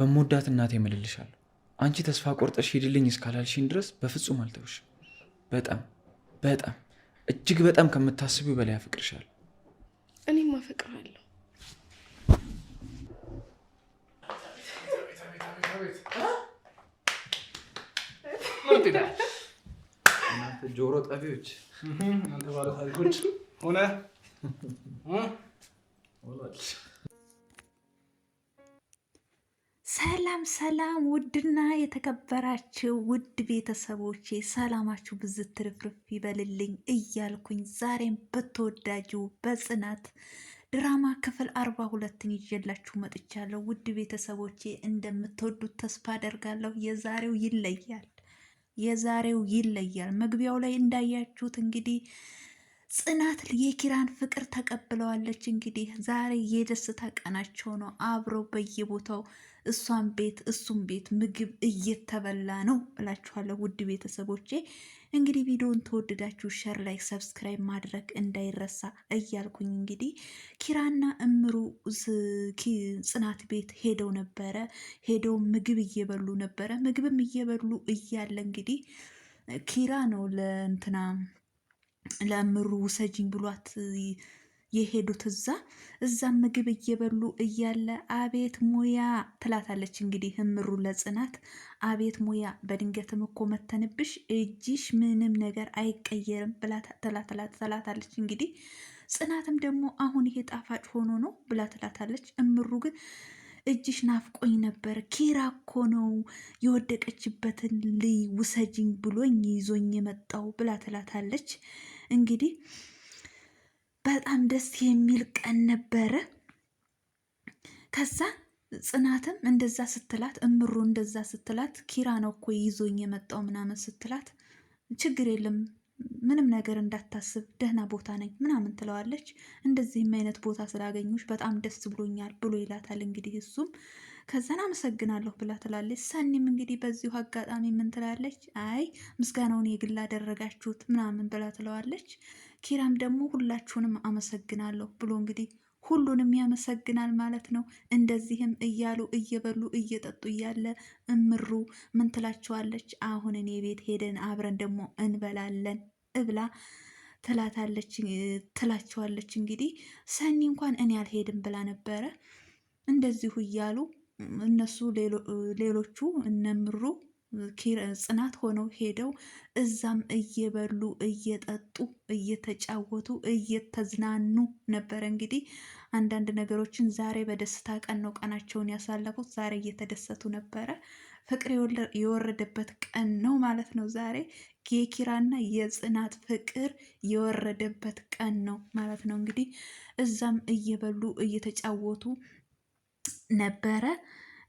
በምወዳት እናቴ እምልልሻለሁ። አንቺ ተስፋ ቆርጠሽ ሂድልኝ እስካላልሽኝ ድረስ በፍጹም አልተውሽ። በጣም በጣም እጅግ በጣም ከምታስቢው በላይ አፈቅርሻለሁ። እኔም አፈቅርሃለሁ። ጆሮ ጠፊዎች አንተ ባለታሪኮች ሆነ ሰላም ሰላም፣ ውድና የተከበራችሁ ውድ ቤተሰቦቼ ሰላማችሁ ብዝት ትርፍርፍ ይበልልኝ እያልኩኝ ዛሬም በተወዳጁ በጽናት ድራማ ክፍል አርባ ሁለትን ይዤላችሁ መጥቻለሁ። ውድ ቤተሰቦቼ እንደምትወዱት ተስፋ አደርጋለሁ። የዛሬው ይለያል፣ የዛሬው ይለያል። መግቢያው ላይ እንዳያችሁት እንግዲህ ጽናት የኪራን ፍቅር ተቀብለዋለች። እንግዲህ ዛሬ የደስታ ቀናቸው ነው። አብረው በየቦታው እሷን ቤት እሱም ቤት ምግብ እየተበላ ነው እላችኋለሁ። ውድ ቤተሰቦቼ እንግዲህ ቪዲዮን ተወደዳችሁ ሸር ላይ ሰብስክራይብ ማድረግ እንዳይረሳ እያልኩኝ እንግዲህ ኪራና እምሩ ጽናት ቤት ሄደው ነበረ። ሄደው ምግብ እየበሉ ነበረ። ምግብም እየበሉ እያለ እንግዲህ ኪራ ነው ለእንትና ለምሩ ውሰጅኝ ብሏት የሄዱት እዛ እዛ ምግብ እየበሉ እያለ አቤት ሙያ ትላታለች። እንግዲህ እምሩ ለጽናት አቤት ሙያ፣ በድንገትም እኮ መተንብሽ እጅሽ ምንም ነገር አይቀየርም ትላታለች። እንግዲህ ጽናትም ደግሞ አሁን ይሄ ጣፋጭ ሆኖ ነው ብላ ትላታለች። እምሩ ግን እጅሽ ናፍቆኝ ነበር፣ ኪራ እኮ ነው የወደቀችበትን ልይ ውሰጅኝ ብሎኝ ይዞኝ የመጣው ብላ ትላታለች። እንግዲህ በጣም ደስ የሚል ቀን ነበረ። ከዛ ጽናትም እንደዛ ስትላት እምሩ እንደዛ ስትላት ኪራ ነው እኮ ይዞኝ የመጣው ምናምን ስትላት ችግር የለም ምንም ነገር እንዳታስብ ደህና ቦታ ነኝ ምናምን ትለዋለች። እንደዚህም አይነት ቦታ ስላገኙች በጣም ደስ ብሎኛል ብሎ ይላታል። እንግዲህ እሱም ከዛን አመሰግናለሁ ብላ ትላለች። ሰኒም እንግዲህ በዚሁ አጋጣሚ ምን ትላለች? አይ ምስጋናውን የግል አደረጋችሁት ምናምን ብላ ትለዋለች። ኪራም ደግሞ ሁላችሁንም አመሰግናለሁ ብሎ እንግዲህ ሁሉንም ያመሰግናል ማለት ነው። እንደዚህም እያሉ እየበሉ እየጠጡ እያለ እምሩ ምን ትላቸዋለች? አሁን እኔ ቤት ሄደን አብረን ደግሞ እንበላለን እብላ ትላታለች ትላቸዋለች። እንግዲህ ሰኒ እንኳን እኔ አልሄድም ብላ ነበረ። እንደዚሁ እያሉ እነሱ ሌሎቹ እነምሩ ጽናት ሆነው ሄደው እዛም እየበሉ እየጠጡ እየተጫወቱ እየተዝናኑ ነበረ። እንግዲህ አንዳንድ ነገሮችን ዛሬ በደስታ ቀን ነው ቀናቸውን ያሳለፉት። ዛሬ እየተደሰቱ ነበረ። ፍቅር የወረደበት ቀን ነው ማለት ነው። ዛሬ የኪራና የጽናት ፍቅር የወረደበት ቀን ነው ማለት ነው። እንግዲህ እዛም እየበሉ እየተጫወቱ ነበረ።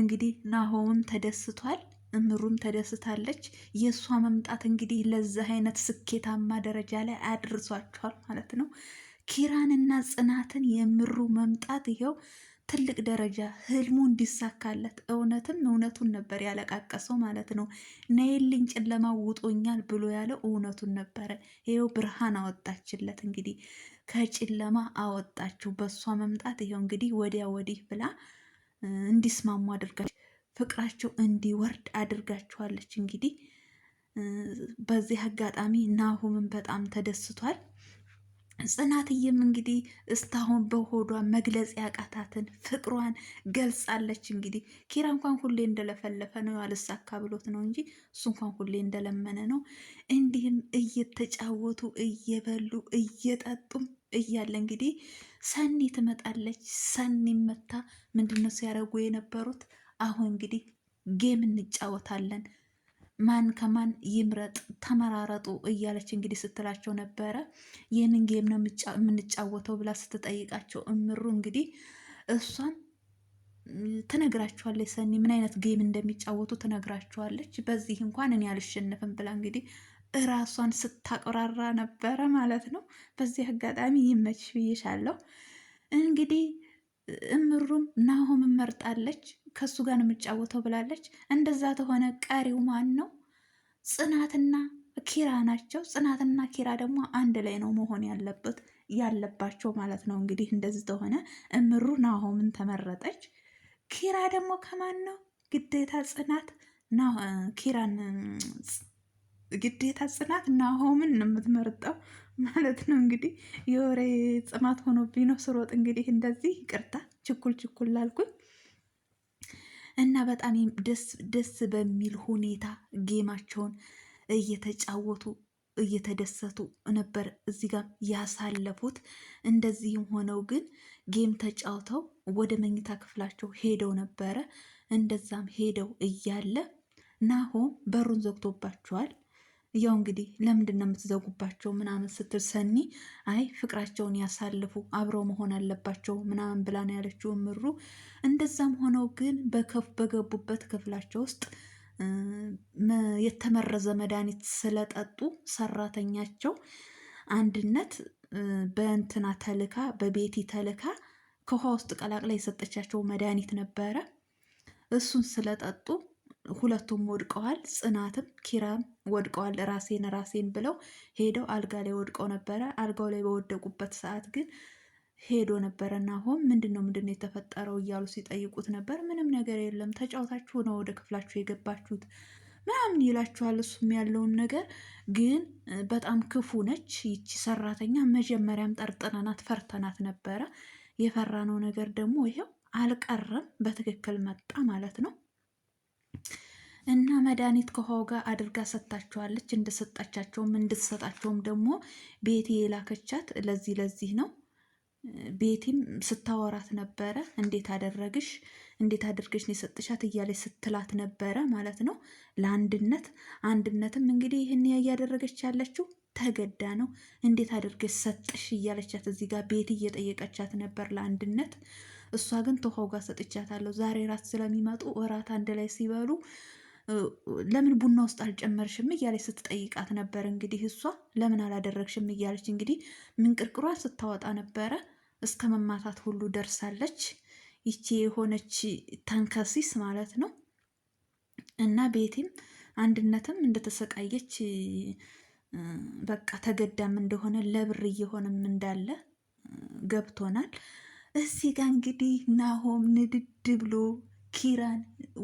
እንግዲህ ናሆምም ተደስቷል፣ እምሩም ተደስታለች። የእሷ መምጣት እንግዲህ ለዚህ አይነት ስኬታማ ደረጃ ላይ አድርሷቸዋል ማለት ነው። ኪራንና ጽናትን የምሩ መምጣት ይኸው ትልቅ ደረጃ ህልሙ እንዲሳካለት እውነትም እውነቱን ነበር ያለቃቀሰው ማለት ነው። ነይልኝ ጨለማ ውጦኛል ብሎ ያለው እውነቱን ነበረ። ይኸው ብርሃን አወጣችለት እንግዲህ ከጨለማ አወጣችው በእሷ መምጣት ይኸው እንግዲህ ወዲያ ወዲህ ብላ እንዲስማሙ አድርጋች ፍቅራቸው እንዲወርድ አድርጋችኋለች። እንግዲህ በዚህ አጋጣሚ ናሁምን በጣም ተደስቷል። ጽናትዬም እንግዲህ እስታሁን በሆዷ መግለጽ ያቃታትን ፍቅሯን ገልጻለች። እንግዲህ ኪራ እንኳን ሁሌ እንደለፈለፈ ነው ያልሳካ ብሎት ነው እንጂ እሱ እንኳን ሁሌ እንደለመነ ነው። እንዲህም እየተጫወቱ እየበሉ እየጠጡም እያለ እንግዲህ ሰኒ ትመጣለች። ሰኒ መታ ምንድነው ሲያደርጉ የነበሩት? አሁን እንግዲህ ጌም እንጫወታለን፣ ማን ከማን ይምረጥ፣ ተመራረጡ እያለች እንግዲህ ስትላቸው ነበረ። ይህንን ጌም ነው የምንጫወተው ብላ ስትጠይቃቸው እምሩ እንግዲህ እሷም ትነግራችኋለች። ሰኒ ምን አይነት ጌም እንደሚጫወቱ ትነግራችኋለች። በዚህ እንኳን እኔ አልሸነፍም ብላ እንግዲህ እራሷን ስታቆራራ ነበረ ማለት ነው። በዚህ አጋጣሚ ይመችሽ ብዬሻለሁ። እንግዲህ እምሩም ናሆም መርጣለች፣ ከእሱ ጋር ነው የምጫወተው ብላለች። እንደዛ ተሆነ ቀሪው ማን ነው? ጽናትና ኪራ ናቸው። ጽናትና ኪራ ደግሞ አንድ ላይ ነው መሆን ያለበት ያለባቸው ማለት ነው። እንግዲህ እንደዚህ ተሆነ እምሩ ናሆምን ተመረጠች። ኪራ ደግሞ ከማን ነው? ግዴታ ጽናት ኪራን ግዴታ ጽናት ናሆምን ነው የምትመርጠው ማለት ነው። እንግዲህ የወሬ ጽማት ሆኖብኝ ነው ስሮጥ እንግዲህ እንደዚህ ይቅርታ፣ ችኩል ችኩል ላልኩኝ እና በጣም ደስ በሚል ሁኔታ ጌማቸውን እየተጫወቱ እየተደሰቱ ነበር እዚህ ጋር ያሳለፉት። እንደዚህም ሆነው ግን ጌም ተጫውተው ወደ መኝታ ክፍላቸው ሄደው ነበረ። እንደዛም ሄደው እያለ ናሆም በሩን ዘግቶባቸዋል። ያው እንግዲህ ለምንድን ነው የምትዘጉባቸው ምናምን ስትል ሰኒ አይ ፍቅራቸውን ያሳልፉ አብረው መሆን አለባቸው ምናምን ብላ ነው ያለችው እምሩ። እንደዛም ሆነው ግን በከፍ በገቡበት ክፍላቸው ውስጥ የተመረዘ መድኃኒት ስለጠጡ ሰራተኛቸው አንድነት በእንትና ተልካ በቤቲ ተልካ ከውሃ ውስጥ ቀላቅላ የሰጠቻቸው መድኃኒት ነበረ። እሱን ስለጠጡ ሁለቱም ወድቀዋል። ጽናትም ኪራም ወድቀዋል። ራሴን ራሴን ብለው ሄደው አልጋ ላይ ወድቀው ነበረ። አልጋው ላይ በወደቁበት ሰዓት ግን ሄዶ ነበረ እና ሆም ምንድን ነው ምንድን ነው የተፈጠረው እያሉ ሲጠይቁት ነበር። ምንም ነገር የለም ተጫውታችሁ ነው ወደ ክፍላችሁ የገባችሁት ምናምን ይላችኋል። እሱም ያለውን ነገር ግን በጣም ክፉ ነች ይቺ ሰራተኛ። መጀመሪያም ጠርጥረናት ፈርተናት ነበረ። የፈራነው ነገር ደግሞ ይሄው አልቀረም፣ በትክክል መጣ ማለት ነው። እና መድኃኒት ከውሃው ጋር አድርጋ ሰጥታቸዋለች። እንደሰጣቻቸውም እንድትሰጣቸውም ደግሞ ቤቴ የላከቻት ለዚህ ለዚህ ነው። ቤቲም ስታወራት ነበረ። እንዴት አደረግሽ እንዴት አድርገሽ ነው የሰጥሻት እያለች ስትላት ነበረ ማለት ነው። ለአንድነት አንድነትም እንግዲህ ይህን እያደረገች ያለችው ተገዳ ነው። እንዴት አድርገሽ ሰጥሽ እያለቻት እዚህ ጋር ቤቲ እየጠየቀቻት ነበር ለአንድነት እሷ ግን ተውኸው ጋር ሰጥቻታለሁ። ዛሬ ራት ስለሚመጡ እራት አንድ ላይ ሲበሉ ለምን ቡና ውስጥ አልጨመርሽም እያለች ስትጠይቃት ነበር። እንግዲህ እሷ ለምን አላደረግሽም እያለች እንግዲህ ምንቅርቅሯ ስታወጣ ነበረ። እስከ መማታት ሁሉ ደርሳለች። ይቺ የሆነች ተንከሲስ ማለት ነው። እና ቤቲም አንድነትም እንደተሰቃየች በቃ ተገዳም እንደሆነ ለብር እየሆነም እንዳለ ገብቶናል። እዚህ ጋር እንግዲህ ናሆም ንድድ ብሎ ኪራን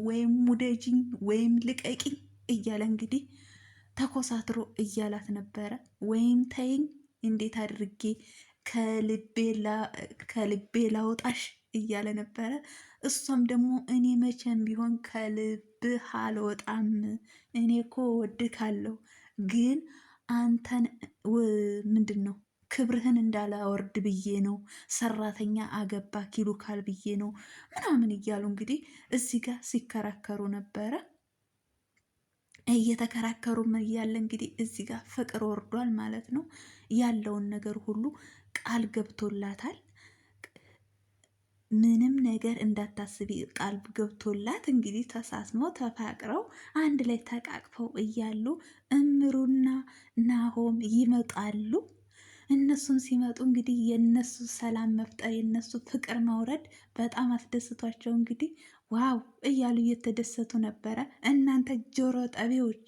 ወይም ሙደጅኝ ወይም ልቀቂኝ እያለ እንግዲህ ተኮሳትሮ እያላት ነበረ። ወይም ተይኝ እንዴት አድርጌ ከልቤ ላውጣሽ እያለ ነበረ። እሷም ደግሞ እኔ መቼም ቢሆን ከልብህ አልወጣም፣ እኔ እኮ ወድካለሁ፣ ግን አንተን ምንድን ነው ክብርህን እንዳላወርድ ብዬ ነው፣ ሰራተኛ አገባ ኪሉካል ብዬ ነው ምናምን እያሉ እንግዲህ እዚህ ጋር ሲከራከሩ ነበረ። እየተከራከሩም እያለ እንግዲህ እዚህ ጋር ፍቅር ወርዷል ማለት ነው። ያለውን ነገር ሁሉ ቃል ገብቶላታል። ምንም ነገር እንዳታስቢ ቃል ገብቶላት እንግዲህ ተሳስሞ ተፋቅረው አንድ ላይ ተቃቅፈው እያሉ እምሩና ናሆም ይመጣሉ። እነሱም ሲመጡ እንግዲህ የነሱ ሰላም መፍጠር የነሱ ፍቅር መውረድ በጣም አስደስቷቸው እንግዲህ ዋው እያሉ እየተደሰቱ ነበረ። እናንተ ጆሮ ጠቢዎች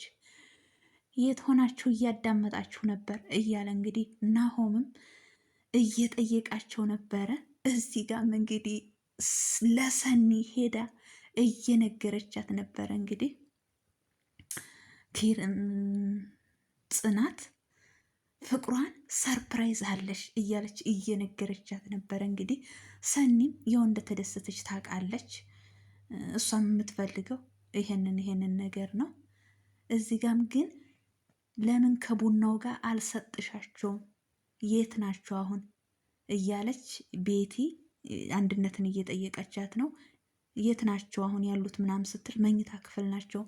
የት ሆናችሁ እያዳመጣችሁ ነበር? እያለ እንግዲህ ናሆምም እየጠየቃቸው ነበረ። እዚህ ጋም እንግዲህ ለሰኒ ሄዳ እየነገረቻት ነበረ እንግዲህ ጽናት ፍቅሯን ሰርፕራይዝ አለሽ እያለች እየነገረቻት ነበረ። እንግዲህ ሰኒም የው እንደተደሰተች ታውቃለች። እሷም የምትፈልገው ይሄንን ይሄንን ነገር ነው። እዚህ ጋም ግን ለምን ከቡናው ጋር አልሰጥሻቸውም? የት ናቸው አሁን? እያለች ቤቲ አንድነትን እየጠየቀቻት ነው። የት ናቸው አሁን ያሉት ምናምን ስትል መኝታ ክፍል ናቸው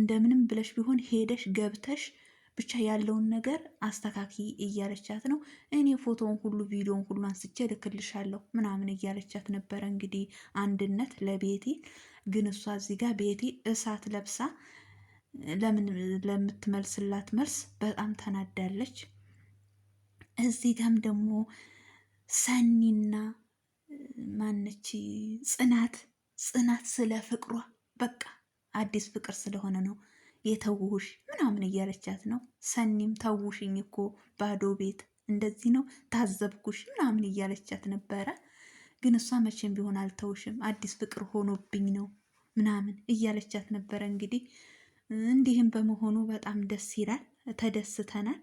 እንደምንም ብለሽ ቢሆን ሄደሽ ገብተሽ ብቻ ያለውን ነገር አስተካኪ እያለቻት ነው። እኔ ፎቶውን ሁሉ ቪዲዮውን ሁሉ አንስቼ እልክልሻለሁ ምናምን እያለቻት ነበረ። እንግዲህ አንድነት ለቤቲ ግን እሷ እዚህ ጋር ቤቲ እሳት ለብሳ ለምን ለምትመልስላት መልስ በጣም ተናዳለች። እዚህ ጋም ደግሞ ሰኒና ማነች ጽናት ጽናት ስለ ፍቅሯ በቃ አዲስ ፍቅር ስለሆነ ነው የተውሽ ምናምን እያለቻት ነው። ሰኒም ተውሽኝ እኮ ባዶ ቤት እንደዚህ ነው ታዘብኩሽ ምናምን እያለቻት ነበረ። ግን እሷ መቼም ቢሆን አልተውሽም አዲስ ፍቅር ሆኖብኝ ነው ምናምን እያለቻት ነበረ። እንግዲህ እንዲህም በመሆኑ በጣም ደስ ይላል፣ ተደስተናል።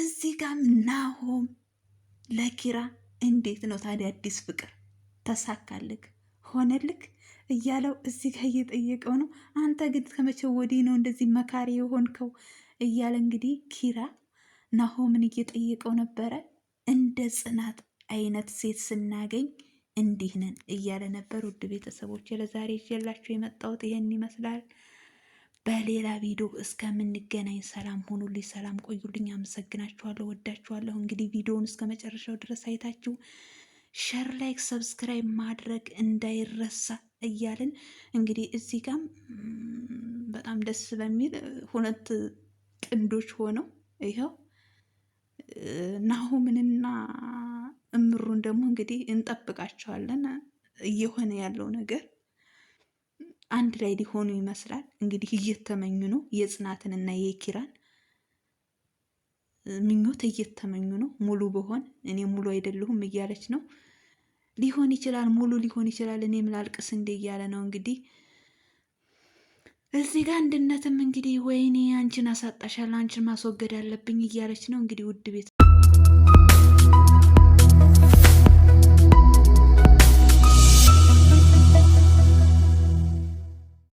እዚህ ጋም ናሆም ለኪራ እንዴት ነው ታዲያ አዲስ ፍቅር ተሳካልክ ሆነልክ እያለው እዚህ ጋር እየጠየቀው ነው። አንተ ግን ከመቼው ወዲህ ነው እንደዚህ መካሪ የሆንከው? እያለ እንግዲህ ኪራ ናሆምን እየጠየቀው ነበረ። እንደ ጽናት አይነት ሴት ስናገኝ እንዲህ ነን እያለ ነበር። ውድ ቤተሰቦች ለዛሬ ይዤላችሁ የመጣሁት ይሄን ይመስላል። በሌላ ቪዲዮ እስከምንገናኝ ሰላም ሁኑልኝ፣ ሰላም ቆዩልኝ። አመሰግናችኋለሁ፣ ወዳችኋለሁ። እንግዲህ ቪዲዮውን እስከ መጨረሻው ድረስ አይታችሁ ሸር፣ ላይክ፣ ሰብስክራይብ ማድረግ እንዳይረሳ እያልን እንግዲህ እዚህ ጋም በጣም ደስ በሚል ሁለት ጥንዶች ሆነው ይኸው ናሁምንና እምሩን ደግሞ እንግዲህ እንጠብቃቸዋለን። እየሆነ ያለው ነገር አንድ ላይ ሊሆኑ ይመስላል። እንግዲህ እየተመኙ ነው የጽናትንና የኪራን ምኞት እየተመኙ ነው። ሙሉ በሆን እኔ ሙሉ አይደለሁም እያለች ነው። ሊሆን ይችላል ሙሉ ሊሆን ይችላል እኔም ላልቅስ እንዴ እያለ ነው እንግዲህ እዚህ ጋር አንድነትም እንግዲህ ወይኔ አንቺን አሳጣሻል፣ አንቺን ማስወገድ አለብኝ እያለች ነው እንግዲህ ውድ ቤት